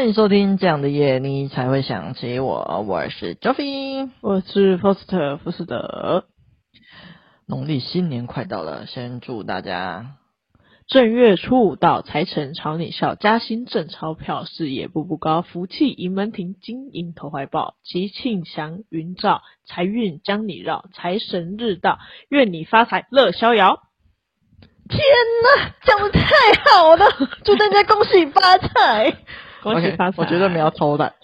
歡迎收聽，這樣的夜你才會想起我。我是 JOFIE，我是 Poster 富士德。農曆新年快到了，先祝大家正月初五到財神朝你笑，加薪掙鈔票，事業步步高，福氣盈門庭，金銀投懷抱，吉慶祥雲照，財運將你繞，財神日到，願你發財樂逍遙。天吶，講太 的太好了！祝大家恭喜發財。 恭喜發財 Okay, 財！我覺得沒有偷懶。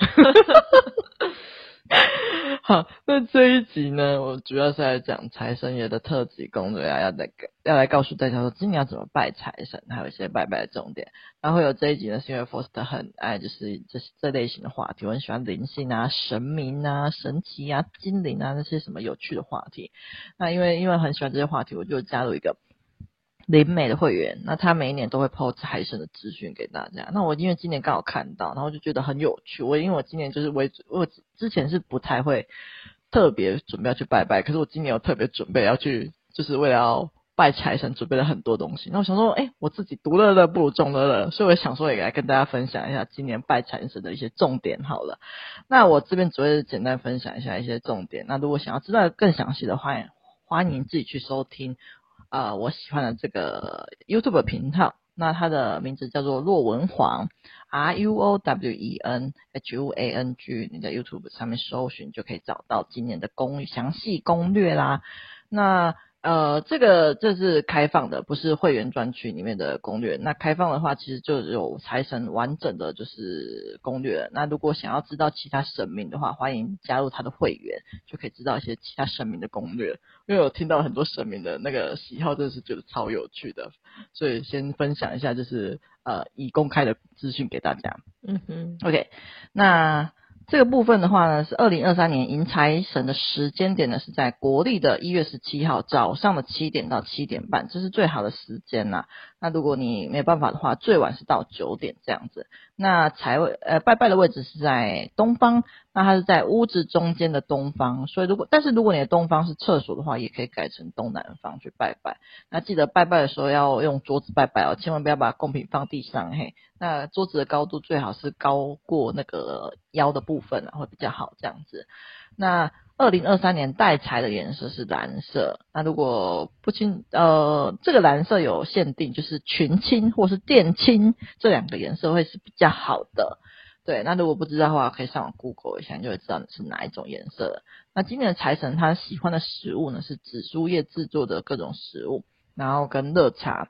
好，那這一集呢，我主要是來講財神爺的特輯工作呀，要那個要來告訴大家說，今年要怎麼拜財神，還有一些拜拜的重點。然後有這一集呢，是因為 Foster 很愛就是這這類型的話題，我很喜歡靈性啊、神明啊、神奇啊、精靈啊那些什麼有趣的話題。那因為因為很喜歡這些話題，我就加入一個。林美的會員，那他每一年都會 post 財神的資訊給大家。那我因為今年剛好看到，然後就覺得很有趣。我因為我今年就是我我之前是不太會特別準備要去拜拜，可是我今年我特別準備要去，就是為了要拜財神，準備了很多東西。那我想說，哎，我自己獨樂樂不如眾樂樂，所以我想說也來跟大家分享一下今年拜財神的一些重點好了。那我這邊只會簡單分享一下一些重點。那如果想要知道更詳細的話，歡迎自己去收聽。呃，我喜歡的這個 YouTube 頻道，那它的名字叫做若文黃 R U O W E N H U A N G，你在 YouTube 上面搜尋就可以找到今年的攻詳細攻略啦。那呃，這個這是開放的，不是會員專區裡面的攻略。那開放的話，其實就有財神完整的就是攻略。那如果想要知道其他神明的話，歡迎加入他的會員，就可以知道一些其他神明的攻略。因為我聽到了很多神明的那個喜好，真的是覺得超有趣的，所以先分享一下，就是呃，已公開的資訊給大家。嗯哼，OK，那。這個部分的話呢，是二零二三年迎財神的時間點呢，是在國曆的一月十七號早上的七點到七點半，這是最好的時間吶。那如果你沒辦法的話，最晚是到九點這樣子。那財位，呃，拜拜的位置是在東方，那它是在屋子中間的東方。所以如果，但是如果你的東方是廁所的話，也可以改成東南方去拜拜。那記得拜拜的時候要用桌子拜拜哦，千萬不要把貢品放地上嘿。那桌子的高度最好是高過那個腰的部分。部分呢、啊、會比較好這樣子，那二零二三年帶財的顏色是藍色，那如果不清，呃，這個藍色有限定，就是群青或是靛青這兩個顏色會是比較好的，對，那如果不知道的話，可以上網 Google 一下就會知道你是哪一種顏色。那今年的財神他喜歡的食物呢，是紫蘇葉製作的各種食物，然後跟熱茶。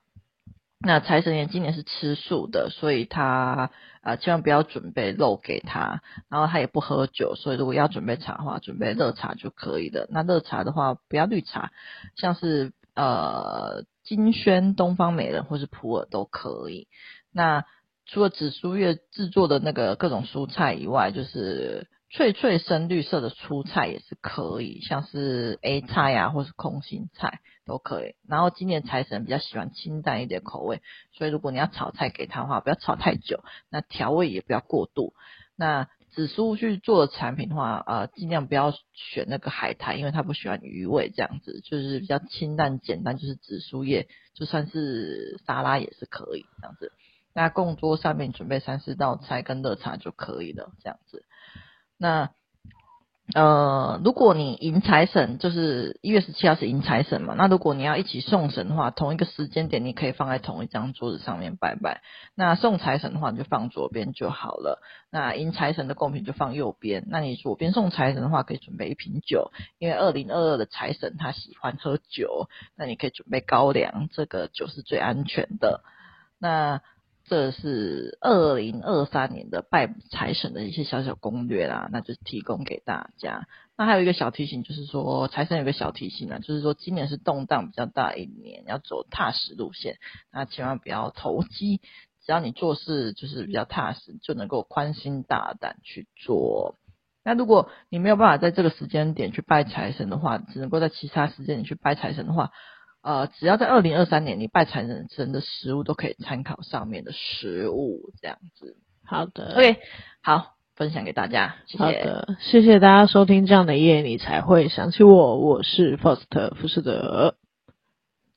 那財神爺今年是吃素的，所以他啊、呃、千萬不要準備肉給他，然後他也不喝酒，所以如果要準備茶的話，準備熱茶就可以了。那熱茶的話不要綠茶，像是呃金萱、東方美人或是普洱都可以。那除了紫蘇葉製作的那個各種蔬菜以外，就是。脆脆、深綠色的蔬菜也是可以，像是 A 菜啊，或是空心菜都可以。然後今年財神比較喜歡清淡一點口味，所以如果你要炒菜給他的話，不要炒太久，那調味也不要過度。那紫蘇去做的產品的話，呃，盡量不要選那個海苔，因為他不喜歡魚味這樣子，就是比較清淡簡單，就是紫蘇葉，就算是沙拉也是可以這樣子。那供桌上面準備三四道菜跟熱茶就可以了，這樣子。那，呃，如果你迎財神，就是一月十七號是迎財神嘛。那如果你要一起送神的話，同一個時間點，你可以放在同一張桌子上面拜拜。那送財神的話，你就放左邊就好了。那迎財神的貢品就放右邊。那你左邊送財神的話，可以準備一瓶酒，因為二零二二的財神他喜歡喝酒。那你可以準備高粱，這個酒是最安全的。那這是二零二三年的拜財神的一些小小攻略啦，那就提供給大家。那還有一個小提醒，就是說財神有一個小提醒啊，就是說今年是動盪比較大一年，要走踏實路線，那千萬不要投機。只要你做事就是比較踏實，就能夠寬心大膽去做。那如果你沒有辦法在這個時間點去拜財神的話，只能夠在其他時間裡去拜財神的話。呃，只要在二零二三年，你拜財神的食物都可以參考上面的食物這樣子。好的，OK，好，分享給大家，好的，謝謝。好的，謝謝大家收聽這樣的夜，你才會想起我。我是 Foster 福士德，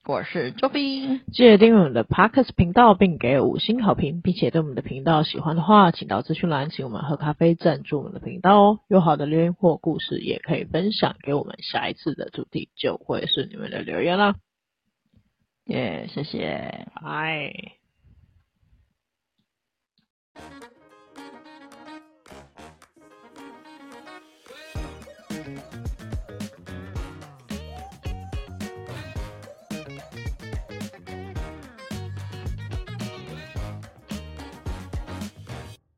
我是 Jofie。記得訂閱我們的 Podcast 頻道，並給五星好評，並且對我們的頻道喜歡的話，請到資訊欄請我們喝咖啡贊助我們的頻道哦。有好的留言或故事，也可以分享給我們。下一次的主題就會是你們的留言啦。耶，yeah, 謝謝。哎。